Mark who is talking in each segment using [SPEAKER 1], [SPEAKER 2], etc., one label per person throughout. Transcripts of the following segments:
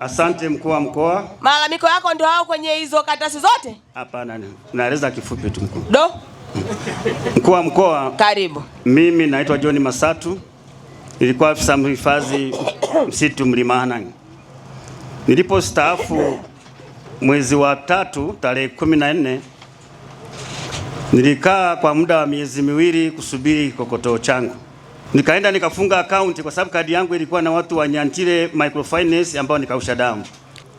[SPEAKER 1] Asante mkuu wa mkoa.
[SPEAKER 2] Malalamiko yako ndio hao kwenye hizo karatasi zote?
[SPEAKER 1] Hapana, naeleza kifupi tu mkuu. Do. Mkuu wa mkoa. Karibu. Mimi naitwa John Masatu. Nilikuwa afisa mhifadhi msitu Mlimana. nilipo staafu mwezi wa tatu tarehe kumi na nne nilikaa kwa muda wa miezi miwili kusubiri kikokotoo changu. Nikaenda nikafunga akaunti kwa sababu kadi yangu ilikuwa na watu wa Nyantile Microfinance ambao nikausha damu.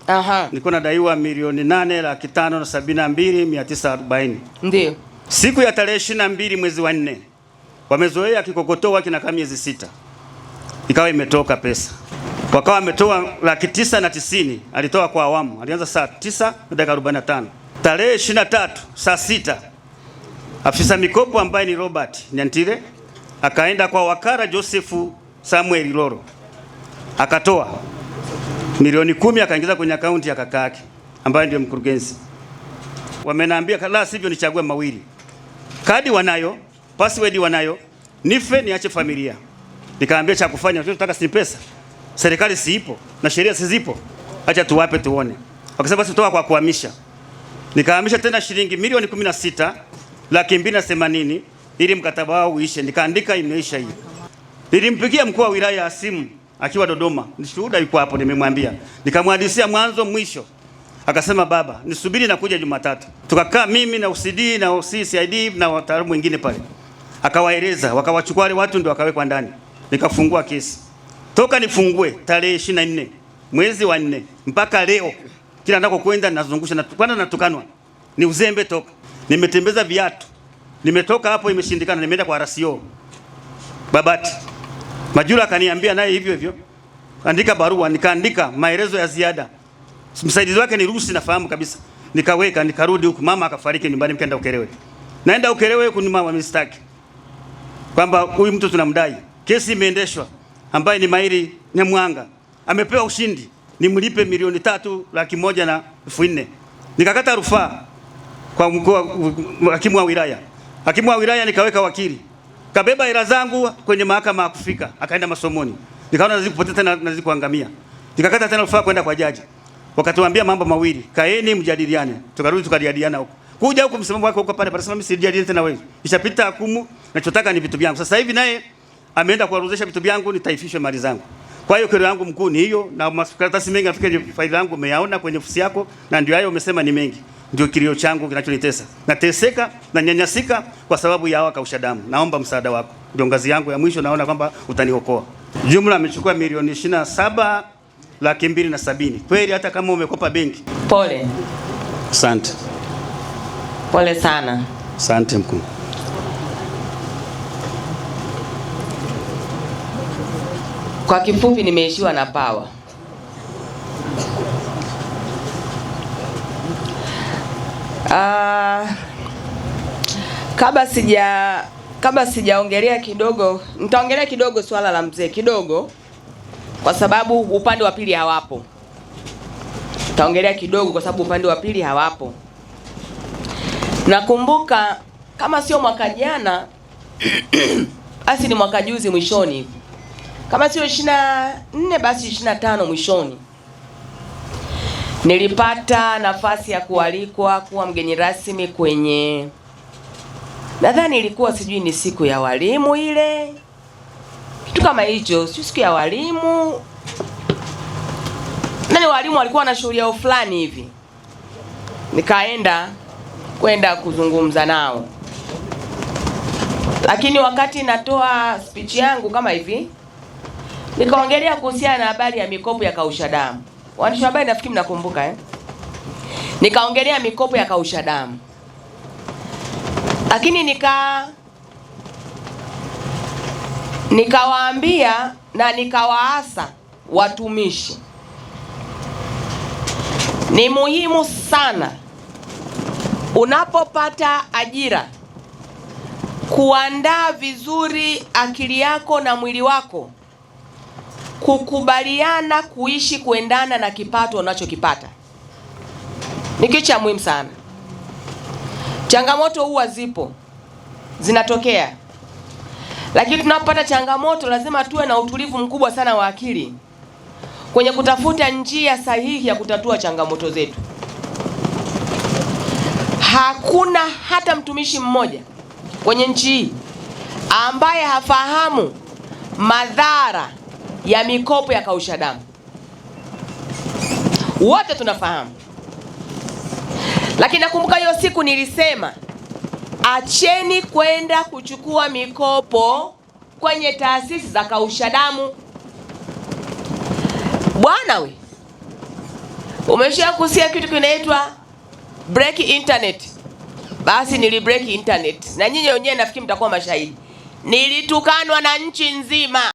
[SPEAKER 1] Aha. Nilikuwa nadaiwa milioni nane laki tano na sabini na mbili mia tisa arobaini. Ndiyo. Siku ya tarehe ishirini na mbili mwezi wa nne wamezoea kikokotoa kinakaa miezi sita, ikawa imetoka pesa, wakawa ametoa laki tisa na tisini. Alitoa kwa awamu, alianza saa tisa na dakika arobaini na tano tarehe ishirini na tatu saa sita afisa mikopo ambaye ni Robert Nyantile akaenda kwa wakara Josefu Samuel Loro akatoa milioni kumi akaingiza kwenye akaunti ya kaka yake ambaye ndiye mkurugenzi. Wamenaambia la sivyo nichague mawili, kadi wanayo, password wanayo, nife niache familia. Nikaambia cha kufanya, tunataka si pesa, serikali siipo na sheria sizipo, acha tuwape tuone. Wakasema basi toa kwa kuhamisha, nikahamisha tena shilingi milioni 16 laki mbili na themanini ili mkataba wao uishe, nikaandika imeisha hii. Nilimpigia mkuu wa wilaya ya simu akiwa Dodoma, nishuhuda yuko hapo, nimemwambia nikamwadisia mwanzo mwisho, akasema baba, nisubiri na kuja Jumatatu. Tukakaa mimi na UCD na OCCID na wataalamu wengine pale, akawaeleza wakawachukua wale watu ndio wakawekwa ndani, nikafungua kesi toka nifungue tarehe 24 mwezi wa 4 mpaka leo, kila ndako kwenda nazungusha na kwanza natukanwa, ni uzembe toka nimetembeza viatu Nimetoka hapo imeshindikana, nimeenda kwa RCO Babati. Majula akaniambia naye hivyo hivyo, andika barua. Nikaandika maelezo ya ziada, msaidizi wake ni Rusi, nafahamu kabisa. Nikaweka, nikarudi huku, mama akafariki nyumbani, mkaenda Ukerewe. Naenda Ukerewe huku, mama mistaki kwamba huyu mtu tunamdai, kesi imeendeshwa, ambaye ni Mairi Nyamwanga amepewa ushindi, nimlipe milioni tatu laki moja na elfu nne. Nikakata rufaa kwa mkuu hakimu wa wilaya Hakimu wa wilaya nikaweka wakili, kabeba hela zangu kwenye mahakama ya kufika, akaenda masomoni, nikaona nazidi kupoteza na nazidi kuangamia, nikakata tena rufaa kwenda kwa jaji, wakatuambia mambo mawili, kaeni mjadiliane. Tukarudi tukajadiliana huko kuja huko, msimamo wake huko pale pale, sema mimi sijadiliane tena wewe, ishapita hukumu, nachotaka ni vitu vyangu. Sasa hivi naye ameenda kuwarudisha vitu vyangu, nitaifishwe mali zangu. Kwa hiyo kero yangu mkuu ni hiyo, na makaratasi mengi nafikiri faili yangu umeyaona kwenye ofisi yako, na ndio hayo umesema ni mengi. Ndio kilio changu kinachonitesa, nateseka na nyanyasika kwa sababu ya hawa kausha damu. Naomba msaada wako, ndio ngazi yangu ya mwisho, naona kwamba utaniokoa. Jumla amechukua milioni ishirini na saba laki mbili na sabini. Kweli hata kama umekopa benki, pole. Asante,
[SPEAKER 2] pole sana.
[SPEAKER 1] Asante mkuu.
[SPEAKER 2] Kwa kifupi, nimeishiwa na power. Uh, kabla sija kabla sijaongelea kidogo, nitaongelea kidogo swala la mzee kidogo, kwa sababu upande wa pili hawapo. Nitaongelea kidogo kwa sababu upande wa pili hawapo. Nakumbuka kama sio mwaka jana basi ni mwaka juzi mwishoni, kama sio 24 basi 25 mwishoni Nilipata nafasi ya kualikwa kuwa mgeni rasmi kwenye, nadhani ilikuwa sijui ni siku ya walimu ile, kitu kama hicho, sio siku ya walimu nani, walimu walikuwa na shughuli yao fulani hivi, nikaenda kwenda kuzungumza nao, lakini wakati natoa speech yangu kama hivi, nikaongelea kuhusiana na habari ya mikopo ya kausha damu. Waandishi wa habari nafikiri mnakumbuka eh? Nikaongelea mikopo ya kausha damu, lakini nika nikawaambia na nikawaasa watumishi, ni muhimu sana unapopata ajira kuandaa vizuri akili yako na mwili wako kukubaliana kuishi kuendana na kipato unachokipata ni kitu cha muhimu sana. Changamoto huwa zipo zinatokea, lakini tunapopata changamoto lazima tuwe na utulivu mkubwa sana wa akili kwenye kutafuta njia sahihi ya kutatua changamoto zetu. Hakuna hata mtumishi mmoja kwenye nchi hii ambaye hafahamu madhara ya mikopo ya kausha damu. Wote tunafahamu, lakini nakumbuka hiyo siku nilisema, acheni kwenda kuchukua mikopo kwenye taasisi za kausha damu. Bwana we, umesha kusikia kitu kinaitwa break internet? Basi nili break internet, na nyinyi wenyewe nafikiri mtakuwa mashahidi. Nilitukanwa na nchi nzima.